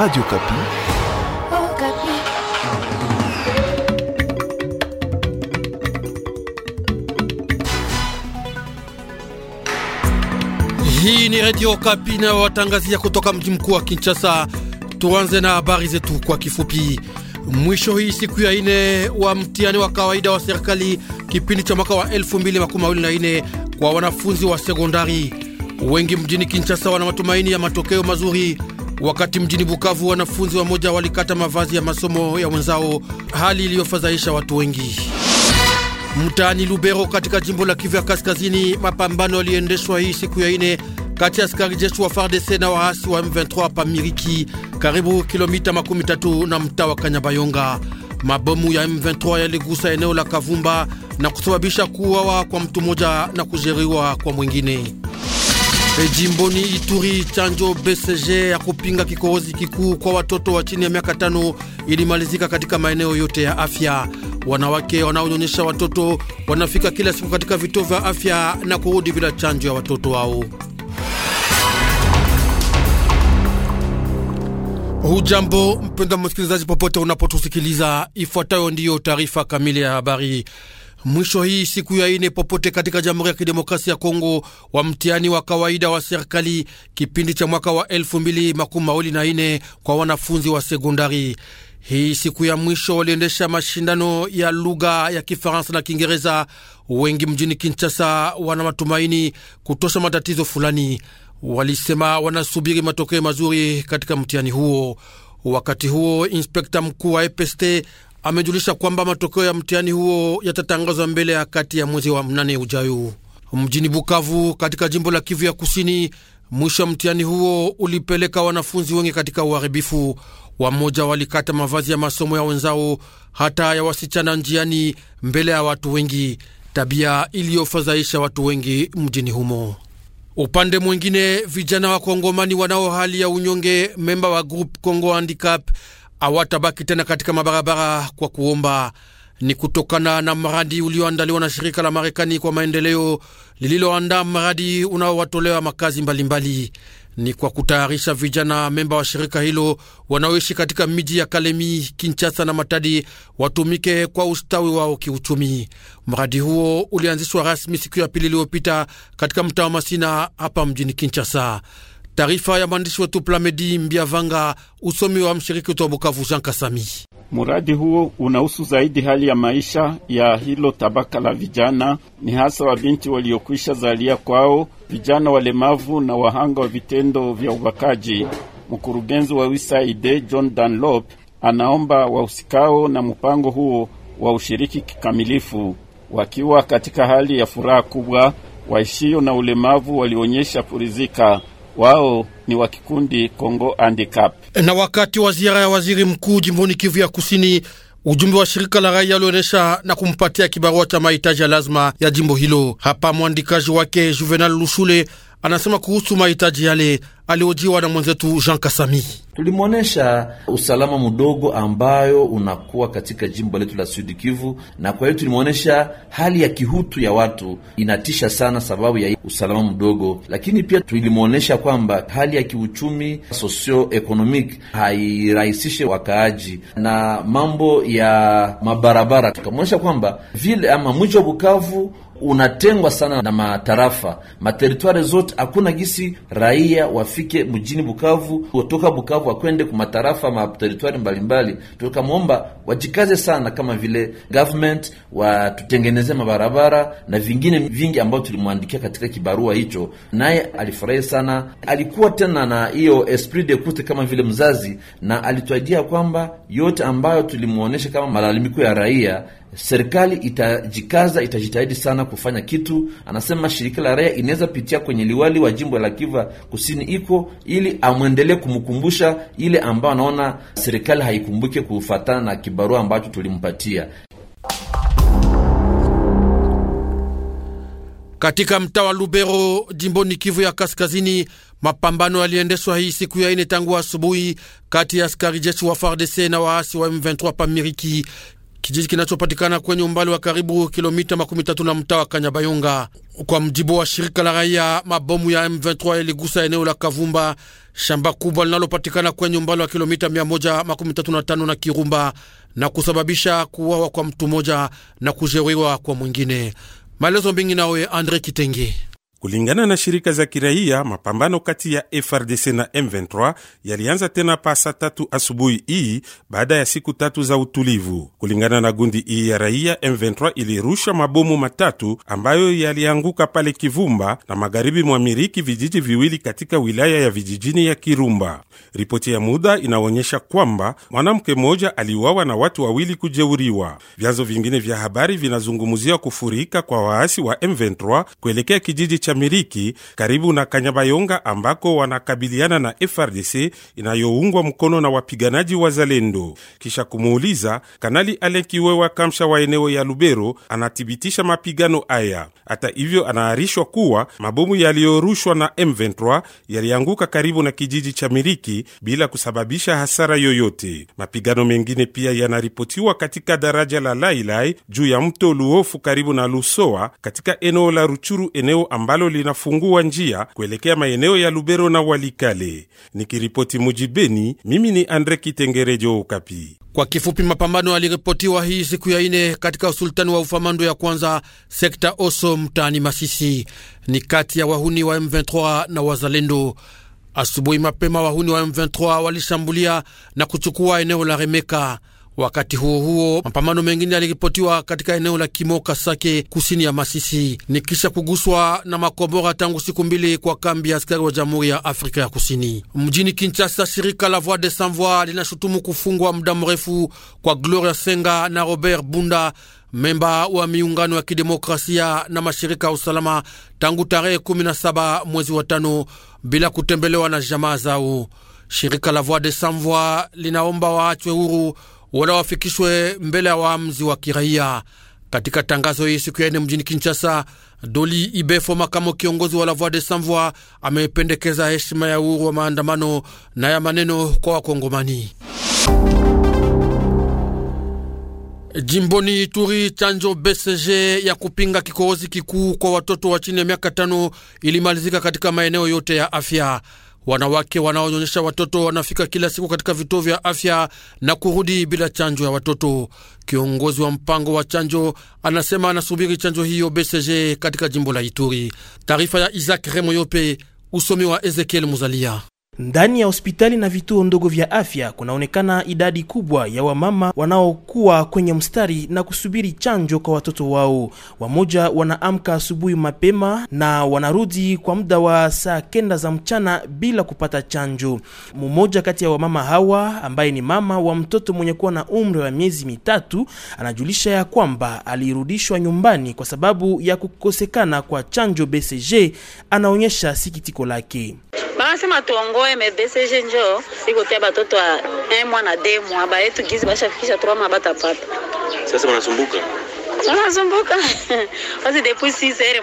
Radio Kapi. Oh, Kapi. Hii ni Radio Kapi na watangazia kutoka mji mkuu wa Kinshasa. Tuanze na habari zetu kwa kifupi. Mwisho hii siku ya ine wa mtihani wa kawaida wa serikali kipindi cha mwaka wa 2024 kwa wanafunzi wa sekondari wengi mjini Kinshasa wana matumaini ya matokeo mazuri. Wakati mjini Bukavu wanafunzi wamoja walikata mavazi ya masomo ya wenzao, hali iliyofadhaisha watu wengi. Mtaani Lubero katika jimbo la Kivu ya Kaskazini, mapambano yaliendeshwa hii siku ya ine kati ya askari jeshi wa FARDC na waasi wa M23 pa Miriki, karibu kilomita makumi tatu na mtaa wa Kanyabayonga. Mabomu ya M23 yaligusa eneo la Kavumba na kusababisha kuuawa kwa mtu mmoja na kujeruhiwa kwa mwingine. E jimboni Ituri, chanjo BCG ya kupinga kikohozi kikuu kwa watoto wa chini ya miaka tano ilimalizika katika maeneo yote ya afya. Wanawake wanaonyonyesha watoto wanafika kila siku katika vituo vya afya na kurudi bila chanjo ya watoto wao. Hujambo mpenda msikilizaji, popote unapotusikiliza, ifuatayo ndiyo taarifa kamili ya habari mwisho hii siku ya ine popote katika Jamhuri ya Kidemokrasia ya Kongo wa mtihani wa kawaida wa serikali kipindi cha mwaka wa elfu mbili makumi mawili na ine kwa wanafunzi wa sekondari. Hii siku ya mwisho waliendesha mashindano ya lugha ya Kifaransa na Kiingereza. Wengi mjini Kinshasa wana matumaini kutosha matatizo fulani, walisema wanasubiri matokeo mazuri katika mtihani huo. Wakati huo inspekta mkuu wa EPST amejulisha kwamba matokeo ya mtihani huo yatatangazwa mbele ya kati ya mwezi wa mnane ujayo. Mjini Bukavu katika jimbo la Kivu ya Kusini, mwisho wa mtihani huo ulipeleka wanafunzi wengi katika uharibifu. Wamoja walikata mavazi ya masomo ya wenzao, hata ya wasichana njiani, mbele ya watu wengi, tabia iliyofadhaisha watu wengi mjini humo. Upande mwingine, vijana wa Kongomani wanao hali ya unyonge, memba wa grup Congo Handicap awatabaki tena katika mabarabara kwa kuomba. Ni kutokana na mradi ulioandaliwa na shirika la Marekani kwa maendeleo lililoandaa mradi unaowatolewa makazi mbalimbali mbali. Ni kwa kutayarisha vijana memba wa shirika hilo wanaoishi katika miji ya Kalemi, kinchasa na Matadi watumike kwa ustawi wao kiuchumi. Mradi huo ulianzishwa rasmi siku ya pili iliyopita katika mtaa wa Masina hapa mjini kinchasa Taarifa ya mwandishi wetu Plamedi Mbiavanga, usomi wa mshiriki wetu wa Bukavu Jean Kasami. Muradi huo unahusu zaidi hali ya maisha ya hilo tabaka la vijana, ni hasa wabinti waliokwisha zalia kwao, vijana walemavu na wahanga wa vitendo vya ubakaji. Mkurugenzi wa USAID John Dunlop anaomba wahusikao na mpango huo wa ushiriki kikamilifu, wakiwa katika hali ya furaha kubwa. Waishio na ulemavu walionyesha kuridhika wao ni wa kikundi Congo Handicap. Na wakati wa ziara ya waziri mkuu jimboni Kivu ya Kusini, ujumbe wa shirika la raia alionyesha na kumpatia kibarua cha mahitaji ya lazima ya jimbo hilo. Hapa mwandikaji wake Juvenal Lushule anasema kuhusu mahitaji yale. Aliojiwa na mwenzetu Jean Kasami. Tulimwonyesha usalama mdogo ambayo unakuwa katika jimbo letu la Sud Kivu, na kwa hiyo tulimwonyesha hali ya kihutu ya watu inatisha sana, sababu ya usalama mdogo. Lakini pia tulimwonyesha kwamba hali ya kiuchumi socio-economic hairahisishi wakaaji na mambo ya mabarabara. Tukamwonyesha kwamba vile ama mwicho wa Bukavu unatengwa sana na matarafa materitware zote, hakuna gisi raia wafike mjini Bukavu, kutoka Bukavu wakwende matarafa materitware mbalimbali. Tukamwomba wajikaze sana, kama vile government watutengeneze mabarabara na vingine vingi ambayo tulimwandikia katika kibarua hicho, naye alifurahi sana. Alikuwa tena na hiyo esprit de coute kama vile mzazi, na alituajia kwamba yote ambayo tulimwonyesha kama malalamiko ya raia serikali itajikaza, itajitahidi sana kufanya kitu. Anasema shirika la raia inaweza pitia kwenye liwali wa jimbo la Kiva Kusini iko ili amwendelee kumkumbusha ile ambayo anaona serikali haikumbuke kufatana na kibarua ambacho tulimpatia. Katika mtaa wa Lubero jimboni Kivu ya Kaskazini, mapambano yaliendeshwa hii siku ya ine tangu asubuhi kati ya askari jeshi wa FARDC na waasi wa M23 pamiriki kijiji kinachopatikana kwenye umbali wa karibu kilomita makumi tatu na mtaa wa Kanyabayonga. Kwa mjibu wa shirika la raia, mabomu ya M23 yaligusa eneo la Kavumba, shamba kubwa linalopatikana kwenye umbali wa kilomita 135 na Kirumba, na kusababisha kuwawa kwa mtu mmoja na kujeruhiwa kwa mwingine. Maelezo mengi nawe Andre Kitenge. Kulingana na shirika za kiraia, mapambano kati ya FRDC na M23 yalianza tena pa saa tatu asubuhi hii baada ya siku tatu za utulivu. Kulingana na gundi hii ya raia, M23 ilirusha mabomu matatu ambayo yalianguka pale Kivumba na magharibi mwa Miriki, vijiji viwili katika wilaya ya vijijini ya Kirumba. Ripoti ya muda inaonyesha kwamba mwanamke mmoja aliuawa na watu wawili kujeuriwa. Vyanzo vingine vya habari vinazungumzia kufurika kwa waasi wa M23 kuelekea kijiji cha miriki karibu na Kanyabayonga ambako wanakabiliana na FRDC inayoungwa mkono na wapiganaji wa Zalendo. Kisha kumuuliza Kanali Kiwewa Kamsha wa eneo ya Lubero, anathibitisha mapigano haya. Hata hivyo, anaarishwa kuwa mabomu yaliyorushwa na M23 yalianguka karibu na kijiji cha Miriki bila kusababisha hasara yoyote. Mapigano mengine pia yanaripotiwa katika daraja la Lailai juu ya mto Luofu karibu na Lusoa katika eneo la Ruchuru, eneo ambalo ambalo linafungua njia kuelekea maeneo ya Lubero na Walikale. Nikiripoti Mujibeni, mimi ni Andre Kitengerejo, Okapi. Kwa kifupi, mapambano yaliripotiwa hii siku ya ine katika usultani wa Ufamando ya kwanza sekta Oso mtaani Masisi, ni kati ya wahuni wa M23 na wazalendo. Asubuhi mapema, wahuni wa M23 walishambulia na kuchukua eneo la Remeka. Wakati huo huo, mapambano mengine yaliripotiwa katika eneo la Kimoka Sake kusini ya Masisi ni kisha kuguswa na makombora tangu siku mbili kwa kambi ya askari wa Jamhuri ya Afrika ya Kusini mjini Kinshasa. Shirika la Voix des Sans Voix linashutumu kufungwa muda mrefu kwa Gloria Senga na Robert Bunda memba wa miungano ya kidemokrasia na mashirika ya usalama tangu tarehe 17 mwezi wa tano bila kutembelewa na jamaa zao. Shirika la Voix des Sans Voix linaomba waachwe huru wala wafikishwe mbele ya waamuzi wa kiraia. Katika tangazo hii siku ya nne mjini Kinshasa, Doli Ibefo, makamo kiongozi wa La Voix des Sans Voix, amependekeza heshima ya uhuru wa maandamano na ya maneno kwa Wakongomani. Jimboni Ituri, chanjo BCG ya kupinga kikohozi kikuu kwa watoto wa chini ya miaka tano ilimalizika katika maeneo yote ya afya. Wanawake wanaonyonyesha watoto wanafika kila siku katika vituo vya afya na kurudi bila chanjo ya watoto. Kiongozi wa mpango wa chanjo anasema anasubiri chanjo hiyo BCG katika jimbo la Ituri. Taarifa ya Isaac Remoyope, usomi wa Ezekiel Muzalia. Ndani ya hospitali na vituo ndogo vya afya kunaonekana idadi kubwa ya wamama wanaokuwa kwenye mstari na kusubiri chanjo kwa watoto wao. Wamoja wanaamka asubuhi mapema na wanarudi kwa muda wa saa kenda za mchana bila kupata chanjo. Mmoja kati ya wamama hawa ambaye ni mama wa mtoto mwenye kuwa na umri wa miezi mitatu anajulisha ya kwamba alirudishwa nyumbani kwa sababu ya kukosekana kwa chanjo BCG. Anaonyesha sikitiko lake bakasema tuongoe mebesege njo sikotia batoto a mwana demwa bayetu gizi bashafikisha troma batapata sasa wanasumbuka basi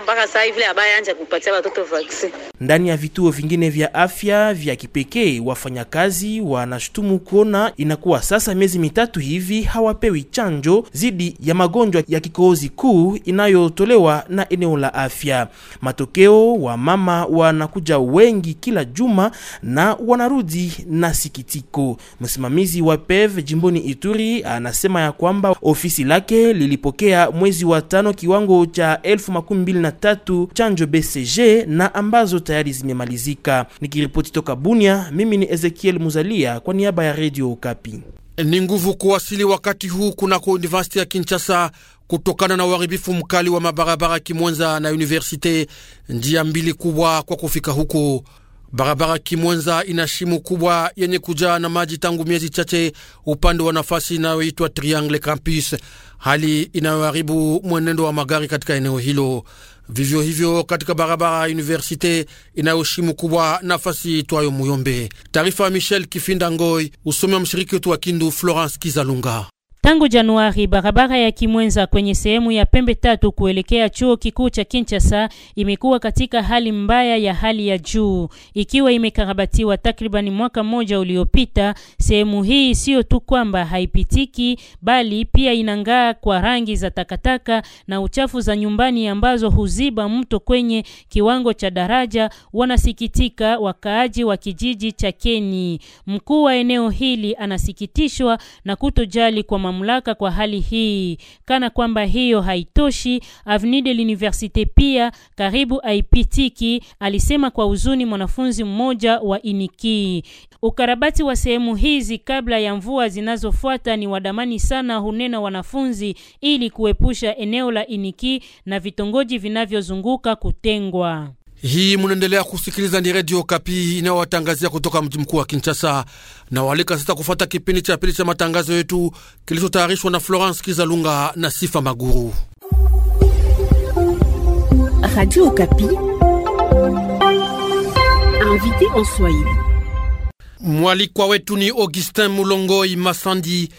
mpaka saa hivi anja kupatia watoto vaccine. Ndani ya vituo vingine vya afya vya kipekee, wafanyakazi wanashutumu kuona inakuwa sasa miezi mitatu hivi hawapewi chanjo dhidi ya magonjwa ya kikohozi kuu inayotolewa na eneo la afya. Matokeo, wa mama wanakuja wengi kila juma na wanarudi na sikitiko. Msimamizi wa PEV jimboni Ituri anasema ya kwamba ofisi lake lilipokea ya mwezi wa tano kiwango cha elfu makumi mbili na tatu chanjo BCG na ambazo tayari zimemalizika. Nikiripoti toka Bunia, mimi ni Ezekiel Muzalia kwa niaba ya Redio Okapi. Ni nguvu kuwasili wakati huu kunako Universite ya Kinshasa kutokana na uharibifu mkali wa mabarabara Kimwenza na Universite, njia mbili kubwa kwa kufika huko. Barabara Kimwenza ina shimo kubwa yenye kujaa na maji tangu miezi chache upande wa nafasi inayoitwa Triangle Campus hali inayoharibu mwenendo wa magari katika eneo hilo. Vivyo hivyo katika barabara ya Universite inayoshimu kubwa nafasi itwayo Muyombe. Taarifa ya Michel Kifinda Ngoi, usomi wa mshiriki wetu wa Kindu Florence Kizalunga. Tangu Januari, barabara ya Kimwenza kwenye sehemu ya pembe tatu kuelekea chuo kikuu cha Kinshasa imekuwa katika hali mbaya ya hali ya juu, ikiwa imekarabatiwa takriban mwaka mmoja uliopita. Sehemu hii sio tu kwamba haipitiki, bali pia inang'aa kwa rangi za takataka na uchafu za nyumbani ambazo huziba mto kwenye kiwango cha daraja, wanasikitika wakaaji wa kijiji cha Keni. Mkuu wa eneo hili anasikitishwa na kutojali kwa mamu mamlaka kwa hali hii. Kana kwamba hiyo haitoshi, Avenue de l'Université pia karibu haipitiki, alisema kwa huzuni mwanafunzi mmoja wa Iniki. Ukarabati wa sehemu hizi kabla ya mvua zinazofuata ni wadamani sana, hunena wanafunzi, ili kuepusha eneo la Iniki na vitongoji vinavyozunguka kutengwa. Hii munaendelea kusikiliza, ni redio Kapi inayowatangazia kutoka mji mkuu wa Kinshasa na walika sasa kufuata kipindi cha pili cha matangazo yetu kilichotayarishwa na Florence Kizalunga na Sifa Maguru. Mwalikwa wetu ni Augustin Mulongoi Masandi,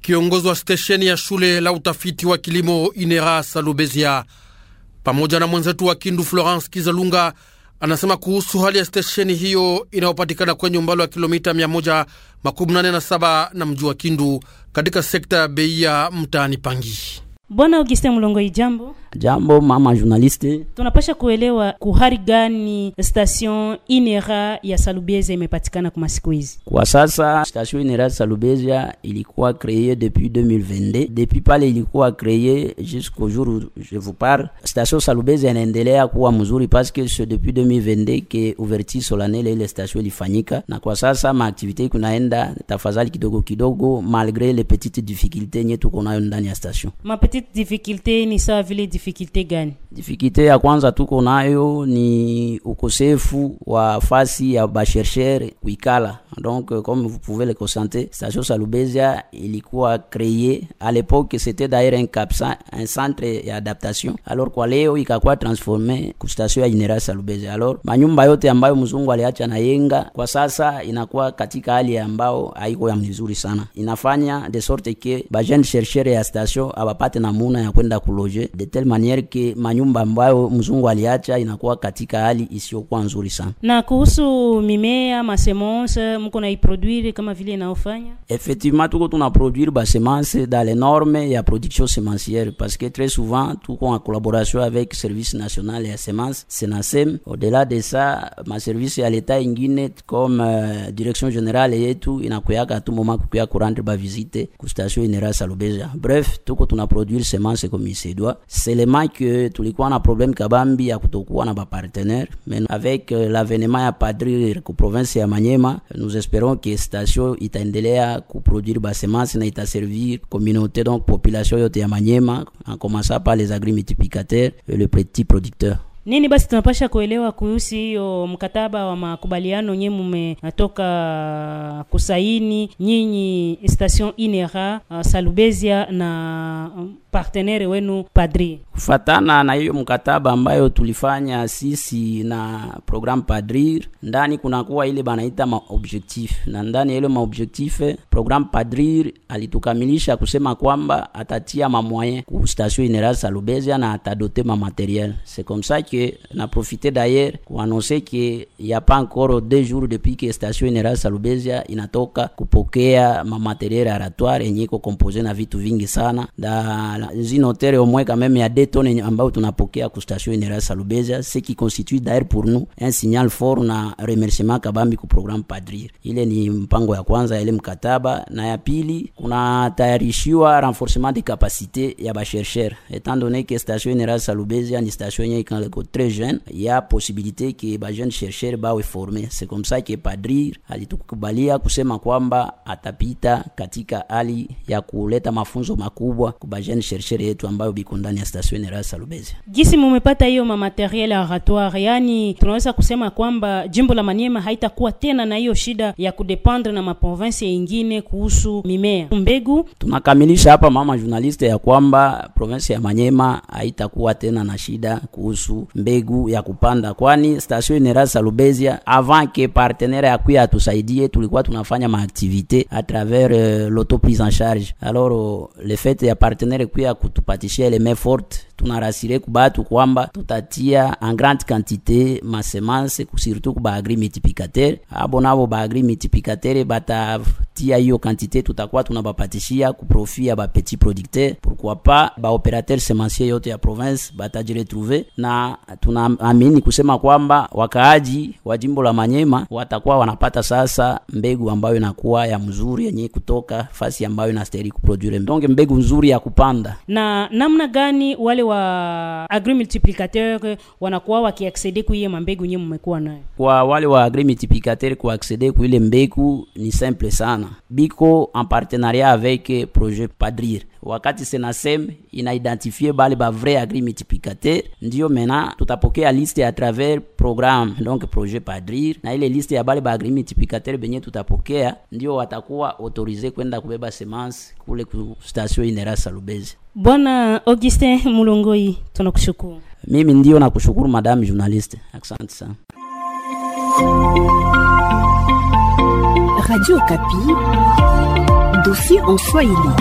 kiongozi wa stesheni ya shule la utafiti wa kilimo Inera Salubezia pamoja na mwenzetu wa Kindu Florence Kizalunga anasema kuhusu hali ya stesheni hiyo inayopatikana kwenye umbali wa kilomita 187 na mji wa Kindu katika sekta ya Beia mtaani Pangi. Bwana Auguste Mulongoi, jambo. Jambo mama journaliste, tunapasha kuelewa kuhari gani station Inera ya Salubezia imepatikana kwa masiku hizi. Kwa sasa station Inera ya Salubezia ilikuwa kreye depuis 2022 depuis pale ilikuwa kreye jusqu'au jour je vous parle, station Salubezia inaendelea kuwa mzuri parce que c'est depuis 2022 que ouverture solennelle ile station ilifanyika, na kwa sasa maaktivite kunaenda tafadhali kidogo kidogo, malgré les petites difficultés nyetu tuko nayo ndani ya station ma hizi ni sawa vile difficulté gani? Difficulty ya kwanza tuko nayo ni ukosefu wa fasi ya bashersher kuikala. Donc euh, comme vous pouvez le constater, station Salubezia ilikuwa créé à l'époque c'était d'ailleurs un capsa, un centre ya adaptation. Alors kwa leo ikakuwa transforme ku station ya General Salubezia. Alors manyumba yote ambayo mzungu aliacha na yenga kwa sasa inakuwa katika hali ambao haiko ya mzuri sana. Inafanya de sorte que ba jeune chercheur ya station abapate namuna ya kwenda kuloje de telle maniere ke manyumba ambayo mzungu aliacha inakuwa katika hali isiyokuwa nzuri sana. Na kuhusu mimea masemanse, mko na kama vile inaofanya? Effectivement, tuko tuna produire ba semence dans les normes ya production semencière parce que très souvent tuko en collaboration avec service national ya semence Senasem. Au-delà de ça, ma service ya leta ingine comme uh, direction générale yetu inakuyaka tu moment kukuya kurendre ba visite ku station Inera Salubeja. Bref, tuko tuna produire produire semence comme il se doit. Seulement que on a problème kabambi a kutokuwa na partenaire. mais avec euh, l'avènement ya padri ku province ya Maniema. nous espérons que station itaendelea kuproduire basemence na servir communauté donc population yote ya Maniema, en commençant par les multiplicateurs et le petit producteur nini basi tunapasha kuelewa kuhusu hiyo mkataba wa makubaliano nye mumetoka kusaini nyinyi station Inera uh, Salubezia na um, partenere wenu Padri. Kufatana na hiyo mkataba ambayo tulifanya sisi na program Padrir, ndani kunakuwa ile banaita maobjectif, na ndani ile maobjectif program Padrir alitukamilisha kusema kwamba atatia mamoyen ku station general Salubezia na atadote ma materiel. C'est comme ça que na profité d'ailleurs kuanonse que ya pas encore deux jours depuis que station general Salubezia inatoka kupokea ma materiel aratoire yenye ko compose na vitu vingi sana da Voilà, une hôtel au moins quand même il y a deux tonnes ambayo tunapokea ku station générale Salubeza, ce qui constitue d'ailleurs pour nous un signal fort na remerciement kabambi ku programme Padrir. Ile ni mpango ya kwanza ile mkataba, na ya pili kuna tayarishiwa renforcement de capacités ya ba chercheurs étant donné que station générale Salubeza ni station yenye iko très jeune, il y a possibilité que ba jeunes chercheurs bawe formés. C'est comme ça que Padrir alitukubalia kusema kwamba atapita katika hali ya kuleta mafunzo makubwa kwa ba jeunes cherchere yetu ambayo biko ndani ya station NRA Salubezi. Gisi mumepata hiyo ma materiel oratoire, yani tunaweza kusema kwamba jimbo la Maniema haitakuwa tena na hiyo shida ya kudependre na maprovinsi yengine kuhusu mimea mbegu. Tunakamilisha hapa mama journaliste, ya kwamba provinsi ya Maniema haitakuwa tena na shida kuhusu mbegu ya kupanda, kwani station NRA Salubezi avant que partenaire kuya atusaidie, tulikuwa tunafanya maaktivite a travers uh, l'autoprise en charge alors uh, le fait ya partenaire à coups de kutupatisher les mains fortes tunarasire kubatu kwamba tutatia en grande quantité masemanse surtout kuba agri multiplicateur abo ah, nabo ba agri multiplicateur batatia hiyo quantité, tutakuwa tunabapatishia kuprofi ya ba petit producteur, pourquoi pas ba semencier yote ya province batajiretrouve, na tunaamini kusema kwamba wakaaji wa jimbo la Manyema watakuwa wanapata sasa mbegu ambayo inakuwa ya mzuri yenye kutoka fasi ambayo inastahili kuproduire, donc mbegu nzuri ya kupanda. Na namna gani wale wa wa agri multiplicateur wanakuwa wakiaksede kuiye mambegu nye mmekuwa nayo. Kwa wale wa agri agrimultiplicateur kuaksede kuile mbegu ni simple sana, biko en partenariat avec projet Padrir wakati senasem inaidentifie bale ba vrai agri multiplicateur, ndio mena tutapokea liste a travers programme donc projet Padrir, na ile liste ya bale ba agri multiplicateur benye tutapokea ndio watakuwa autorisé kwenda kubeba semence kule ku station Inera Salubezi. Bwana Augustin Mulongoi, tunakushukuru. Mimi ndio nakushukuru madame journaliste, asante sana. Radio Kapi, dossier en Swahili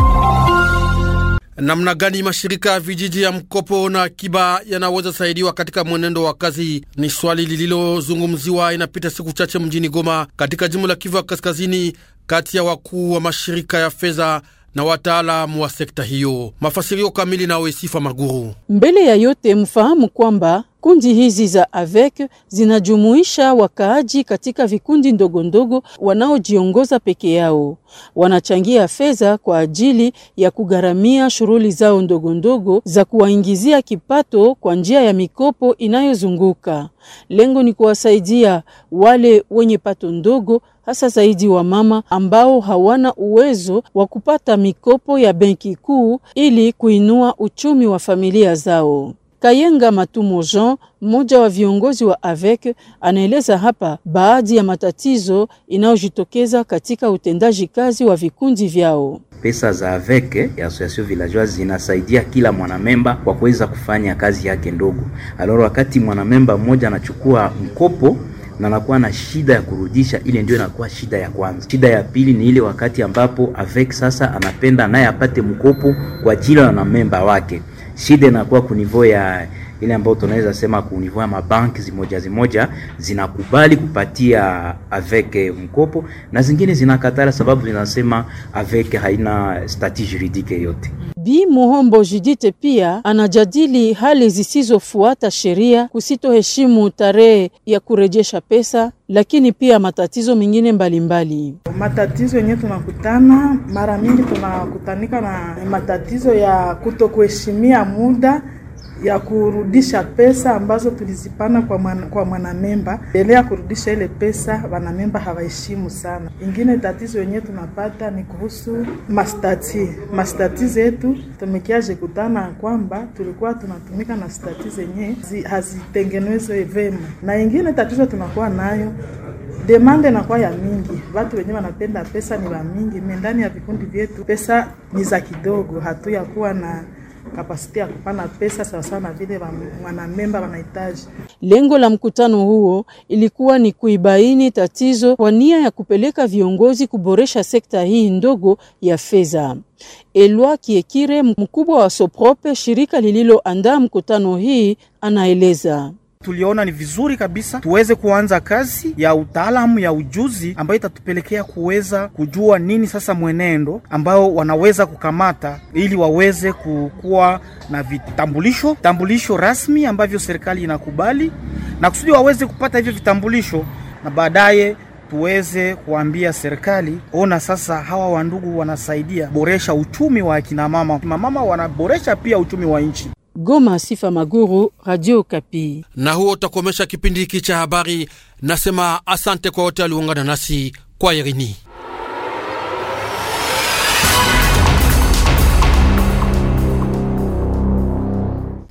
namna gani mashirika ya vijiji ya mkopo na akiba yanaweza saidiwa katika mwenendo wa kazi, ni swali lililozungumziwa inapita siku chache mjini Goma katika jimbo la Kivu ya Kaskazini, kati ya wakuu wa mashirika ya fedha na wataalamu wa sekta hiyo. Mafasirio kamili na Wesifa Maguru. Mbele ya yote mfahamu kwamba Kundi hizi za AVEC zinajumuisha wakaaji katika vikundi ndogo ndogo wanaojiongoza peke yao. Wanachangia fedha kwa ajili ya kugharamia shughuli zao ndogo ndogo za kuwaingizia kipato kwa njia ya mikopo inayozunguka. Lengo ni kuwasaidia wale wenye pato ndogo, hasa zaidi wa mama ambao hawana uwezo wa kupata mikopo ya benki kuu ili kuinua uchumi wa familia zao. Kayenga Matumo Jean, mmoja wa viongozi wa AVEC, anaeleza hapa baadhi ya matatizo inayojitokeza katika utendaji kazi wa vikundi vyao. Pesa za AVEC ya Association Villageoise zinasaidia kila mwanamemba kwa kuweza kufanya kazi yake ndogo. Aloro, wakati mwanamemba mmoja anachukua mkopo na nakuwa na shida ya kurudisha, ile ndio inakuwa shida ya kwanza. Shida ya pili ni ile wakati ambapo AVEC sasa anapenda naye apate mkopo kwa ajili ya wanamemba wake shida inakuwa ku ya ile ambayo tunaweza sema ku niveau ya mabanki zimoja zimoja zinakubali kupatia avec mkopo na zingine zinakatala, sababu zinasema avec haina statut juridique yote. Bi Muhombo Judith pia anajadili hali zisizofuata sheria, kusitoheshimu tarehe ya kurejesha pesa, lakini pia matatizo mengine mbalimbali. Matatizo yenyewe tunakutana mara mingi, tunakutanika na matatizo ya kutokuheshimia muda ya kurudisha pesa ambazo tulizipana kwa man, kwa mwanamemba mbele ya kurudisha ile pesa, wanamemba hawaheshimu sana. Ingine tatizo yenye tunapata ni kuhusu mastati. Mastati zetu tumekiaje kutana kwamba tulikuwa tunatumika na stati zenye hazitengenezwe vema, na ingine tatizo tunakuwa nayo demande nakuwa ya mingi, watu wenyewe wanapenda pesa ni wa mingi, me ndani ya vikundi vyetu pesa ni za kidogo, kuwa na kapasiti ya kupana pesa sawasawa na vile wanamemba wanahitaji. Lengo la mkutano huo ilikuwa ni kuibaini tatizo kwa nia ya kupeleka viongozi kuboresha sekta hii ndogo ya fedha. Elwa Kiekire, mkubwa wa Soprope, shirika lililoandaa mkutano hii, anaeleza tuliona ni vizuri kabisa tuweze kuanza kazi ya utaalamu ya ujuzi ambayo itatupelekea kuweza kujua nini sasa mwenendo ambao wanaweza kukamata ili waweze kukuwa na vitambulisho vitambulisho rasmi ambavyo serikali inakubali na kusudi waweze kupata hivyo vitambulisho na baadaye tuweze kuambia serikali, ona sasa, hawa wandugu wanasaidia boresha uchumi wa akina mama. Mama wanaboresha pia uchumi wa nchi. Goma, Sifa Maguru, Radio Kapi. Na huo utakomesha kipindi hiki cha habari. Nasema asante kwa wote waliungana nasi kwa Irini.